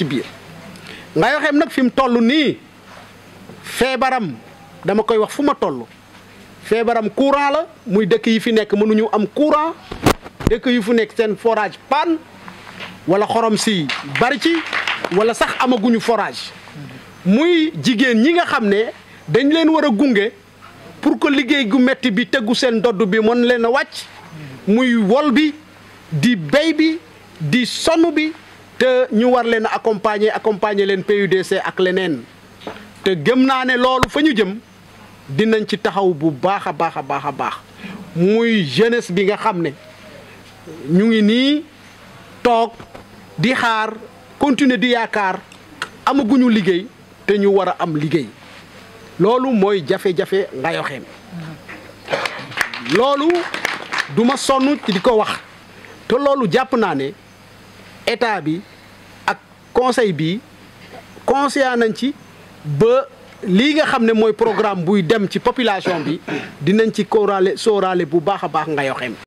ci biir nag fi mu toll nii feebaram dama koy wax fu ma toll feebaram courant la muy dëkk yi fi nekk mënuñu am courant dëkk yi fi nekk seen forage panne wala xorom si bari ci wala sax amaguñu forage muy jigéen ñi nga xam ne dañ leen war a gunge pour que liggéey gu metti bi tegu seen dodd bi mën leen a wàcc muy wol bi di béy bi di sonn bi te ñu war leen a accompagner accompagner leen PUDC ak leneen te gëm naa ne loolu fa ñu jëm dinañ ci taxaw bu baax a baax a baax baax muy jeunesse bi nga xam ne ñu ngi nii toog di xaar continuer di yaakaar amaguñu liggéey te ñu war a am liggéey loolu mooy jafe-jafe Ngayokhème loolu duma sonn di ko wax te loolu jàpp naa ne. état bi ak conseil bi conscient nañ ci ba lii nga xam ne mooy programme buy dem ci population bi dinañ ci kóoraale sóoraale bu baax a baax Ngayoxeem